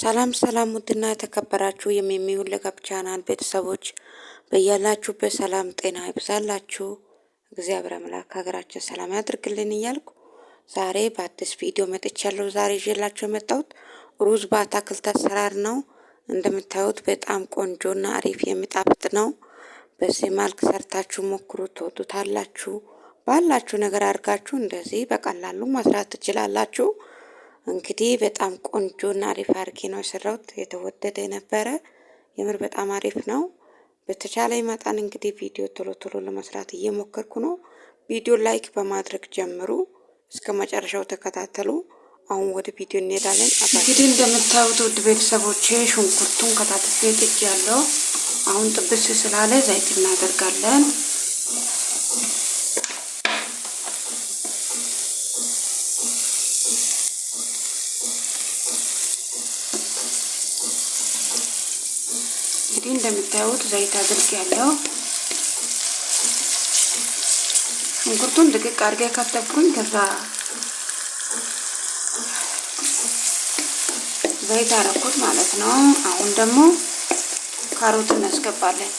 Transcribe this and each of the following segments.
ሰላም ሰላም ውድና የተከበራችሁ የሚሚሁን ለገብ ቻናል ቤተሰቦች በያላችሁበት ሰላም ጤና ይብዛላችሁ። እግዚአብሔር አምላክ ሀገራችን ሰላም ያድርግልን እያልኩ ዛሬ በአዲስ ቪዲዮ መጥቻለሁ። ዛሬ ይዤላችሁ የመጣሁት ሩዝ በአታክልት አሰራር ነው። እንደምታዩት በጣም ቆንጆና አሪፍ የሚጣፍጥ ነው። በዚህ መልክ ሰርታችሁ ሞክሩ፣ ትወዱታላችሁ። ባላችሁ ነገር አድርጋችሁ እንደዚህ በቀላሉ መስራት ትችላላችሁ። እንግዲህ በጣም ቆንጆና አሪፍ አርጌ ነው የሰራሁት። የተወደደ ነበረ። የምር በጣም አሪፍ ነው። በተቻለ መጠን እንግዲህ ቪዲዮ ቶሎ ቶሎ ለመስራት እየሞከርኩ ነው። ቪዲዮ ላይክ በማድረግ ጀምሩ፣ እስከ መጨረሻው ተከታተሉ። አሁን ወደ ቪዲዮ እንሄዳለን። እንግዲህ እንደምታዩት ውድ ቤተሰቦቼ ሽንኩርቱን ከታትፌ ጥጅ ያለው አሁን ጥብስ ስላለ ዘይት እናደርጋለን። እንደምታዩት ዘይት አድርግ ያለው ሽንኩርቱን ድቅቅ አድርጌ ከተኩኝ ከዛ ዘይት አረኩት ማለት ነው። አሁን ደግሞ ካሮት እናስገባለን።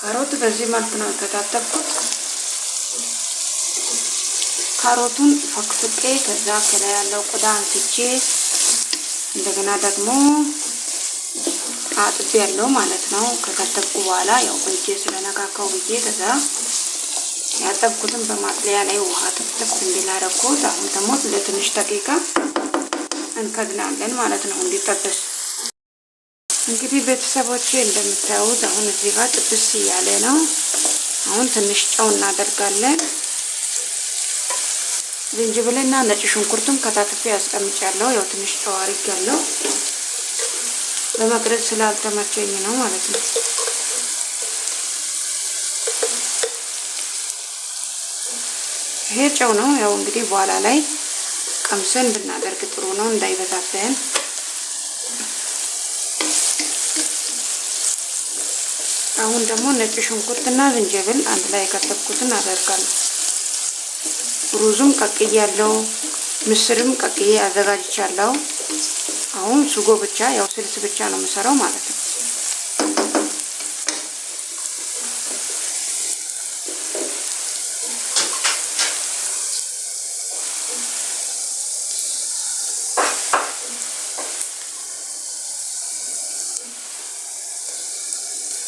ካሮት በዚህ መልክ ነው የከታተኩት። ካሮቱን ፈቅፍቄ ከዛ ከላይ ያለው ቆዳ አንስቼ እንደገና ደግሞ አጥቤ ያለው ማለት ነው። ከከተፍኩ በኋላ ያው እጄ ስለነካካው ብዬ ከዛ ያጠብኩትን በማጥለያ ላይ ውሃ ጥፍጥፍ እንዲላረኩት አሁን ደግሞ ለትንሽ ደቂቃ እንከድናለን ማለት ነው እንዲጠበስ። እንግዲህ ቤተሰቦቼ እንደምታዩት አሁን እዚህ ጋር ጥብስ እያለ ነው። አሁን ትንሽ ጨው እናደርጋለን። ዝንጅብልና ነጭ ሽንኩርቱም ከታትፌ ያስቀምጫለሁ። ያው ትንሽ ጨው ያለው። በመቅረጽ ስላልተመቸኝ ነው ማለት ነው። ይሄ ጨው ነው። ያው እንግዲህ በኋላ ላይ ቀምሰን ብናደርግ ጥሩ ነው እንዳይበዛብን። አሁን ደግሞ ነጭ ሽንኩርትና ዝንጀብል አንድ ላይ የከተፍኩትን አደርጋለሁ። ሩዙም ቀቅዬ ያለው ምስርም ቀቅዬ አዘጋጅቻለሁ። አሁን ሱጎ ብቻ ያው ስልስ ብቻ ነው የምሰራው ማለት ነው።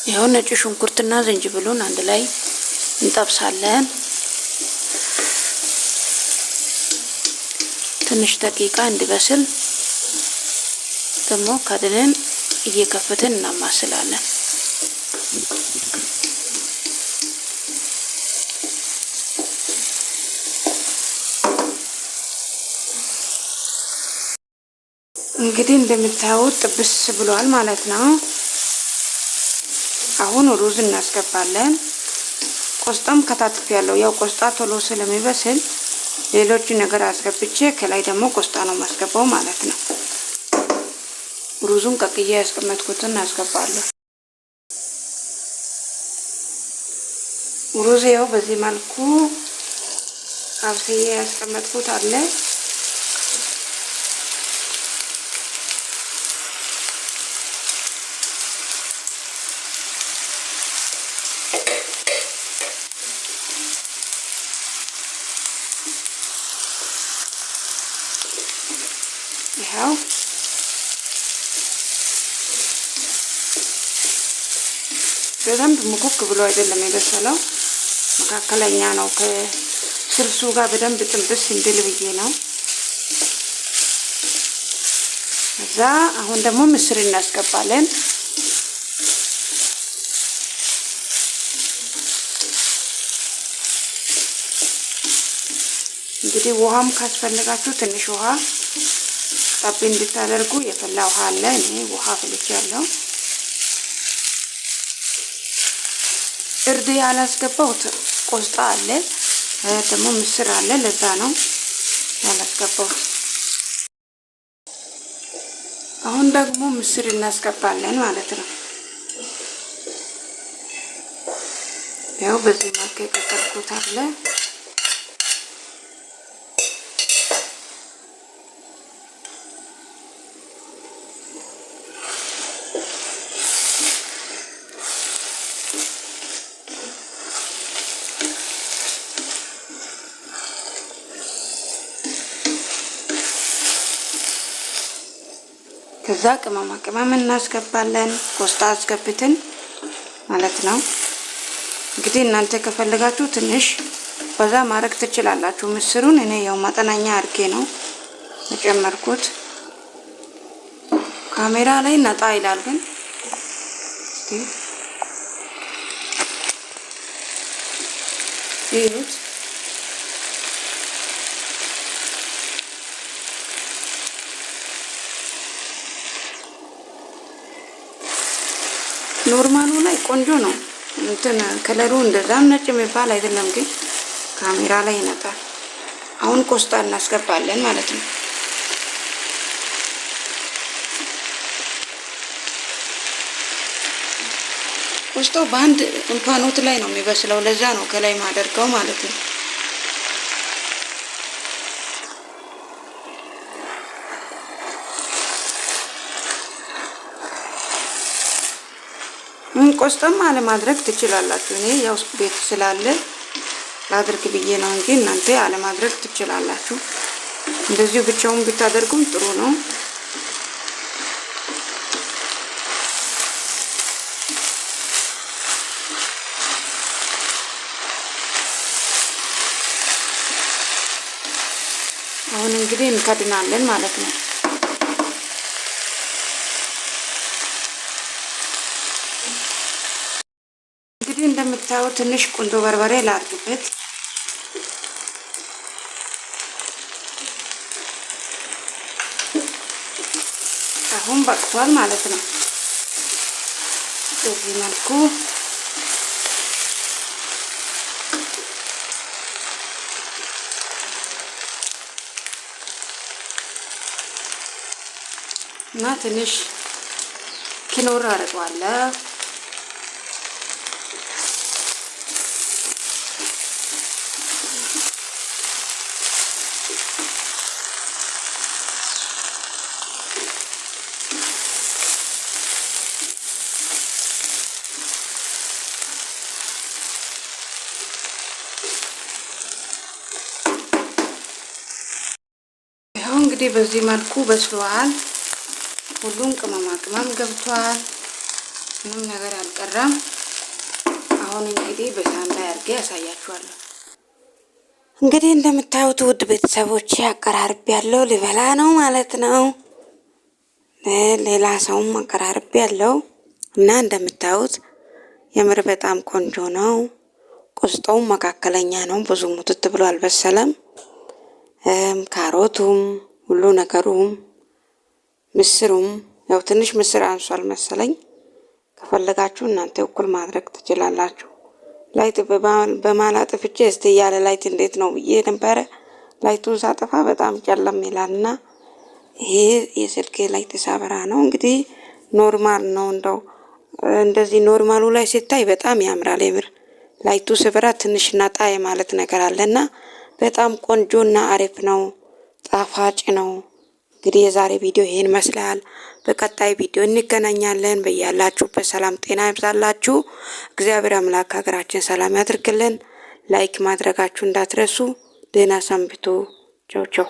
ይኸው ነጭ ሽንኩርትና ዝንጅብሉን አንድ ላይ እንጠብሳለን። ትንሽ ደቂቃ እንዲበስል ደግሞ ከድንን እየከፈትን እናማስላለን። እንግዲህ እንደምታዩት ጥብስ ብሏል ማለት ነው። አሁን ሩዝ እናስገባለን። ቆስጣም ከታትፍ ያለው ያው ቆስጣ ቶሎ ስለሚበስል ሌሎችን ነገር አስገብቼ ከላይ ደግሞ ቆስጣ ነው የማስገባው ማለት ነው። रुजुम का कि यह इसका मैं कुछ ना इसका पार्लर रोजे हो बजी मान को अब से ये इसका मैं कुछ आ ले Yeah. በደንብ ሙኩክ ብሎ አይደለም የበሰለው፣ መካከለኛ ነው። ከስልሱ ጋር በደንብ ጥንብስ እንድል ብዬ ነው። እዛ አሁን ደግሞ ምስር እናስገባለን። እንግዲህ ውሃም ካስፈልጋችሁ ትንሽ ውሃ ጠብ እንድታደርጉ የፈላ ውሃ አለ። እኔ ውሃ ፍልቼ ያለው ወደ ያላስገባሁት ቆስጣ አለ ደግሞ ምስር አለ። ለዛ ነው ያላስገባሁት። አሁን ደግሞ ምስር እናስገባለን ማለት ነው። ያው በዚህ መልክ የቀቀልኩት አለ ከዛ ቅመማ ቅመም እናስገባለን። ኮስታ አስገብትን ማለት ነው። እንግዲህ እናንተ ከፈለጋችሁ ትንሽ በዛ ማድረግ ትችላላችሁ። ምስሩን እኔ ያው መጠነኛ አድርጌ ነው የጨመርኩት። ካሜራ ላይ ነጣ ይላል ግን ይሁት ቆንጆ ነው። እንትን ከለሩ እንደዛም ነጭ የሚባል አይደለም፣ ግን ካሜራ ላይ ይነጣል። አሁን ቆስጣ እናስገባለን ማለት ነው። ቆስጣው በአንድ እንፋኖት ላይ ነው የሚበስለው። ለዛ ነው ከላይ ማደርገው ማለት ነው። ቆስጠም አለማድረግ ትችላላችሁ። እኔ ያው ቤት ስላለ ላድርግ ብዬ ነው እንጂ እናንተ አለማድረግ ትችላላችሁ። እንደዚሁ ብቻውን ብታደርጉም ጥሩ ነው። አሁን እንግዲህ እንከድናለን ማለት ነው። እንደምታዩት ትንሽ ቁንዶ በርበሬ ላርግበት። አሁን በቅቷል ማለት ነው። በዚህ መልኩ እና ትንሽ ኪኖር አድርገዋለሁ እንግዲህ በዚህ መልኩ በስሏል። ሁሉም ቅመማ ቅመም ገብቷል። ምንም ነገር አልቀረም። አሁን እንግዲህ በሳህን ላይ አድርጌ ያሳያችኋለሁ። እንግዲህ እንደምታዩት ውድ ቤተሰቦች አቀራርቤ ያለው ልበላ ነው ማለት ነው። ሌላ ሰውም አቀራርቤ ያለው እና እንደምታዩት የምር በጣም ቆንጆ ነው። ቁስጦውም መካከለኛ ነው። ብዙ ሙትት ብሎ አልበሰለም። ካሮቱም ሁሉ ነገሩም ምስሩም ያው ትንሽ ምስር አንሷል መሰለኝ። ከፈለጋችሁ እናንተ እኩል ማድረግ ትችላላችሁ። ላይት በማላጥፍ እስቲ ያለ ላይት እንዴት ነው ብዬ ነበረ። ላይቱን ሳጠፋ በጣም ጨለም ይላልና ይሄ የስልኬ ላይት ሳበራ ነው። እንግዲህ ኖርማል ነው እንደው እንደዚህ ኖርማሉ ላይ ሲታይ በጣም ያምራል። የምር ላይቱ ስብራ ትንሽ ነጣ የማለት ነገር አለና በጣም ቆንጆና አሪፍ ነው። ጣፋጭ ነው። እንግዲህ የዛሬ ቪዲዮ ይሄን ይመስላል። በቀጣይ ቪዲዮ እንገናኛለን። በያላችሁበት ሰላም ጤና ይብዛላችሁ። እግዚአብሔር አምላክ ሀገራችን ሰላም ያድርግልን። ላይክ ማድረጋችሁ እንዳትረሱ። ደህና ሰንብቱ። ቸው ቸው።